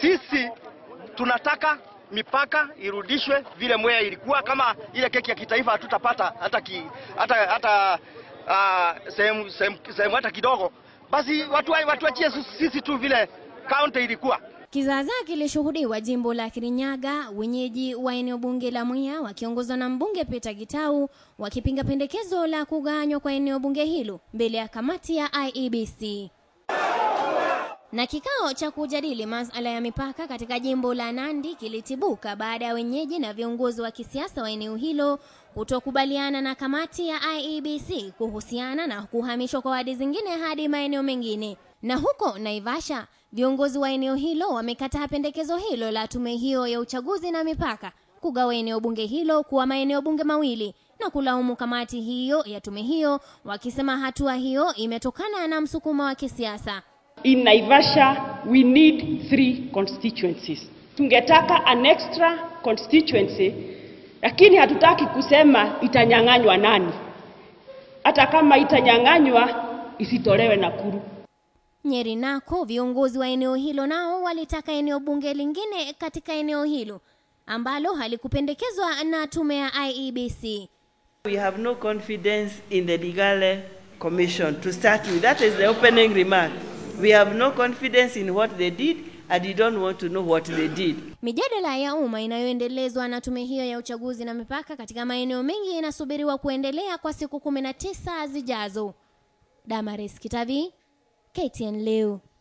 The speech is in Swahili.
Sisi tunataka mipaka irudishwe vile Mwea ilikuwa. Kama ile keki ya kitaifa hatutapata hata ki, hata hata uh, sehemu sehemu hata kidogo, basi watu watuachie sisi tu vile kaunti ilikuwa. Kizaazaa kilishuhudiwa jimbo la Kirinyaga, wenyeji wa eneo bunge la Mwea wakiongozwa na mbunge Peter Gitau wakipinga pendekezo la kugawanywa kwa eneo bunge hilo mbele ya kamati ya IEBC. Na kikao cha kujadili masuala ya mipaka katika jimbo la Nandi kilitibuka baada ya wenyeji na viongozi wa kisiasa wa eneo hilo kutokubaliana na kamati ya IEBC kuhusiana na kuhamishwa kwa wadi zingine hadi maeneo mengine. Na huko Naivasha, viongozi wa eneo hilo wamekataa pendekezo hilo la tume hiyo ya uchaguzi na mipaka kugawa eneo bunge hilo kuwa maeneo bunge mawili na kulaumu kamati hiyo ya tume hiyo, wakisema hatua hiyo imetokana na msukumo wa kisiasa in Naivasha we need three constituencies. Tungetaka an extra constituency, lakini hatutaki kusema itanyang'anywa nani. Hata kama itanyang'anywa isitolewe Nakuru. Nyeri nako viongozi wa eneo hilo nao walitaka eneo bunge lingine katika eneo hilo ambalo halikupendekezwa na tume ya IEBC. We have no confidence in the legal commission to start with. That is the opening remark. We have no confidence in what they did and you don't want to know what they did. Mijadala ya umma inayoendelezwa na tume hiyo ya uchaguzi na mipaka katika maeneo mengi inasubiriwa kuendelea kwa siku 19 zijazo. Damaris Kitavi, KTN leo.